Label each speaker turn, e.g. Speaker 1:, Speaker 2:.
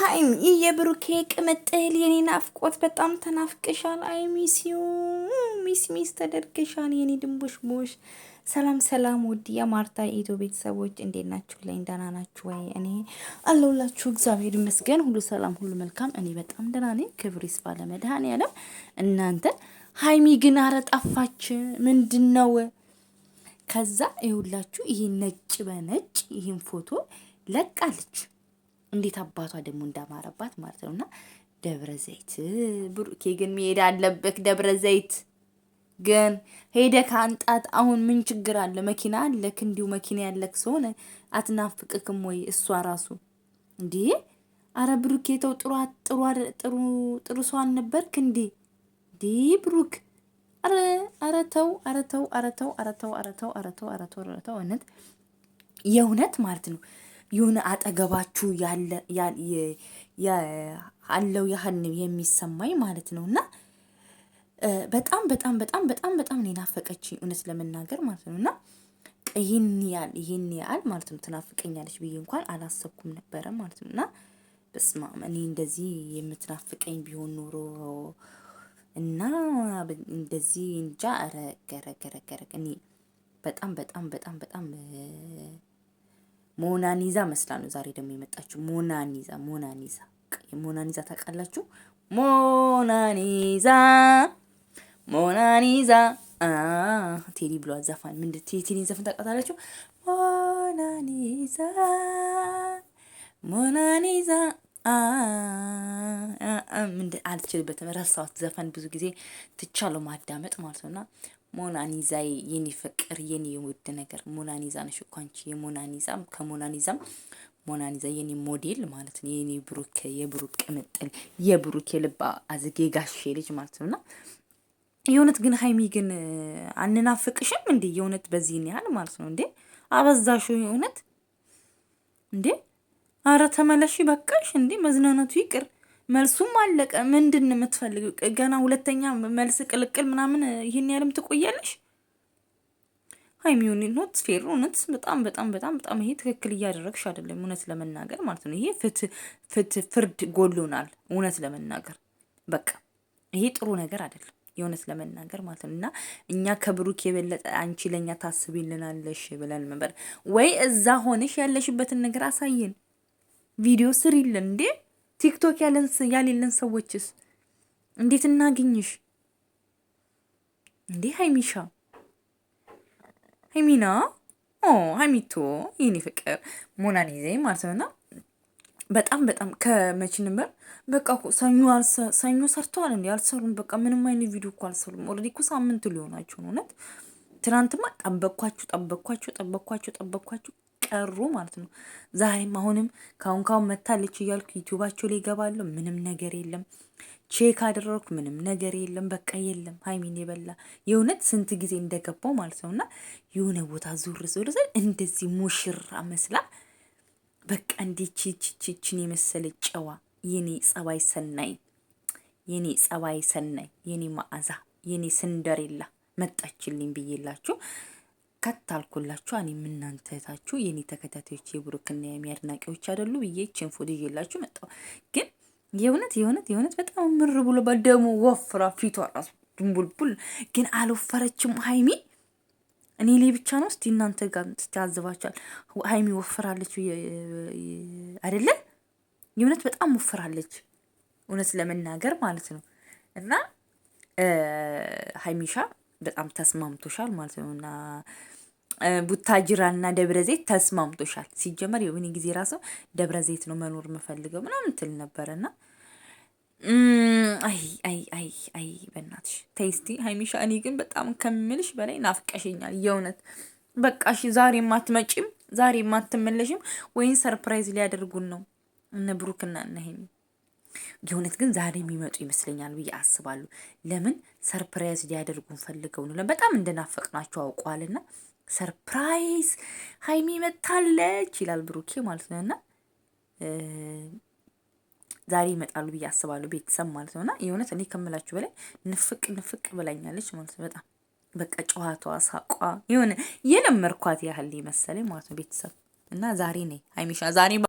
Speaker 1: ሀይሚ ይህ የብሩኬ ቅምጥል የኔ ናፍቆት በጣም ተናፍቅሻል። አይ ሚስዩ ሚስ ሚስ ተደርገሻል የኔ ድንቦሽ ቦሽ። ሰላም ሰላም፣ ውድ የማርታ ኢትዮ ቤተሰቦች እንዴት ናችሁ? ላይ ደህና ናችሁ ወይ? እኔ አለሁላችሁ እግዚአብሔር ይመስገን፣ ሁሉ ሰላም፣ ሁሉ መልካም። እኔ በጣም ደህና ነኝ። ክብር ይስፋ ለመድኃኔዓለም። እናንተ ሀይሚ ግን አረ ጠፋች፣ ምንድን ነው? ከዛ ይሁላችሁ ይህን ነጭ በነጭ ይህን ፎቶ ለቃለች እንዴት አባቷ ደግሞ እንዳማረባት ማለት ነው። እና ደብረ ዘይት ብሩኬ ግን መሄድ አለበት። ደብረ ዘይት ግን ሄደ ከአንጣት አሁን ምን ችግር አለ? መኪና አለክ፣ እንዲሁ መኪና ያለክ ሰሆነ አትናፍቅክም ወይ? እሷ ራሱ እንዲህ አረ ብሩኬ ተው፣ ጥሩ ጥሩ ሰው አልነበርክ እንዴ? ዲ ብሩክ አረ አረተው አረተው አረተው አረተው አረተው አረተው አረተው አረተው እውነት የእውነት ማለት ነው። የሆነ አጠገባችሁ ያለው ያህል የሚሰማኝ ማለት ነው እና በጣም በጣም በጣም በጣም በጣም ነው የናፈቀችኝ እውነት ለመናገር ማለት ነው እና ይህን ያህል ይህን ያህል ማለት ነው ትናፍቀኛለች ብዬ እንኳን አላሰብኩም ነበረ ማለት ነው እና በስማ እኔ እንደዚህ የምትናፍቀኝ ቢሆን ኖሮ እና እንደዚህ እንጃ ረገረገረገረግ እኔ በጣም በጣም በጣም በጣም ሞናኒዛ መስላ ነው ዛሬ ደግሞ የመጣችው። ሞናኒዛ ሞናኒዛ ሞናኒዛ ታውቃላችሁ? ሞናኒዛ ሞናኒዛ ቴዲ ብሎ አዛፋን ምንድ ቴዲን ዘፍን ታውቃታላችሁ? ሞናኒዛ ሞናኒዛ ምንድ አልችልበትም፣ ረሳሁት። ዘፈን ብዙ ጊዜ ትቻለው ማዳመጥ ማለት ነውና ሞናኒዛ የኔ ፍቅር የኔ የውድ ነገር ሞናኒዛ ነሽ እኮ አንቺ። የሞናኒዛም ከሞናኒዛም ሞናኒዛ የኔ ሞዴል ማለት ነው። የኔ ብሩክ የብሩክ ቅምጥል የብሩክ የልብ አዝጌ ጋሼ ልጅ ማለት ነው። እና የእውነት ግን ሀይሚ ግን አንናፍቅሽም እንዴ? የእውነት በዚህን ያህል ማለት ነው እንዴ? አበዛሹ የእውነት እንዴ? አረ ተመለሽ በቃሽ እንዴ? መዝናናቱ ይቅር። መልሱም አለቀ። ምንድን የምትፈልግ ገና ሁለተኛ መልስ ቅልቅል ምናምን ይህን ያለም ትቆያለሽ? ሀይሚ ኖት ፌር። እውነት በጣም በጣም በጣም በጣም ይሄ ትክክል እያደረግሽ አይደለም፣ እውነት ለመናገር ማለት ነው። ይሄ ፍትህ ፍርድ ጎሎናል፣ እውነት ለመናገር በቃ ይሄ ጥሩ ነገር አይደለም፣ የእውነት ለመናገር ማለት ነው። እና እኛ ከብሩክ የበለጠ አንቺ ለእኛ ታስቢልናለሽ ብለን ነበር ወይ? እዛ ሆነሽ ያለሽበትን ነገር አሳየን፣ ቪዲዮ ስሪልን እንዴ ቲክቶክ ያሌለን ሰዎችስ እንዴት እናገኝሽ? እንዴ ሀይሚሻ ሀይሚና ኦ ሀይሚቶ ይህኔ ፍቅር ሞናሊዜ ማለት ነውና በጣም በጣም ከመቼ ነበር? በቃ ሰኞ ሰርተዋል እንዲ አልሰሩም። በቃ ምንም አይነት ቪዲዮ እኮ አልሰሩም። ኦልሬዲ እኮ ሳምንት ሊሆናቸው ነው። እውነት ትናንትማ ጠበኳችሁ ጠበኳችሁ ጠበኳችሁ ጠበኳችሁ ቀሩ ማለት ነው። ዛሬም አሁንም ካሁን ካሁን መታለች እያልኩ ዩቱባቸው ላይ ይገባለሁ። ምንም ነገር የለም። ቼክ አደረግኩ፣ ምንም ነገር የለም። በቃ የለም ሀይሚን የበላ የእውነት ስንት ጊዜ እንደገባው ማለት ነው። እና የሆነ ቦታ ዙር ዙር እንደዚህ ሙሽራ መስላ በቃ እንዲችችችችን የመሰለ ጨዋ የኔ ጸባይ ሰናይ የኔ ጸባይ ሰናይ የኔ መዓዛ የኔ ስንደሬላ መጣችልኝ ብዬላችሁ ከት አልኩላችሁ። እኔም እናንተ እህታችሁ የኔ ተከታታዮች የብሩክና የሚ አድናቂዎች አይደሉ ብዬ ይችን ፎቶ ይዤላችሁ መጣሁ። ግን የእውነት የእውነት የእውነት በጣም ምር ብሎ በደሙ ወፍራ ፊቷ ራሱ ድንቡልቡል፣ ግን አልወፈረችም ሀይሚ። እኔ ላይ ብቻ ነው እስቲ እናንተ ጋር ስታያዝባችኋል። ሀይሚ ወፍራለች አይደለም? የእውነት በጣም ወፍራለች፣ እውነት ለመናገር ማለት ነው እና ሀይሚሻ በጣም ተስማምቶሻል ማለት ነው እና ቡታጅራና ደብረ ዘይት ተስማምቶሻል። ሲጀመር የሆነ ጊዜ ራሱ ደብረ ዘይት ነው መኖር የምፈልገው ምናምን ትል ነበረና አይ አይ አይ አይ በእናትሽ ቴስቲ ሀይሚሻ፣ እኔ ግን በጣም ከምልሽ በላይ ናፍቀሽኛል የእውነት በቃ እሺ፣ ዛሬ የማትመጪም ዛሬ የማትመለሽም ወይን ሰርፕራይዝ ሊያደርጉን ነው እነ ብሩክና እነ ሀይሚ የእውነት ግን ዛሬ የሚመጡ ይመስለኛል ብዬ አስባለሁ። ለምን ሰርፕራይዝ ሊያደርጉን ፈልገው ነው። በጣም እንደናፈቅናቸው አውቀዋልና ሰርፕራይዝ ሀይሚ መታለች ይላል ብሩኬ ማለት ነው እና ዛሬ ይመጣሉ ብዬ አስባለሁ። ቤተሰብ ማለት ነው። ነውና የእውነት እኔ ከምላችሁ በላይ ንፍቅ ንፍቅ ብላኛለች ማለት ነው። በጣም በቃ ጨዋቷ፣ ሳቋ የሆነ የለመርኳት ያህል መሰለኝ ማለት ነው ቤተሰብ እና ዛሬ ነ ሀይሚሻ ዛሬ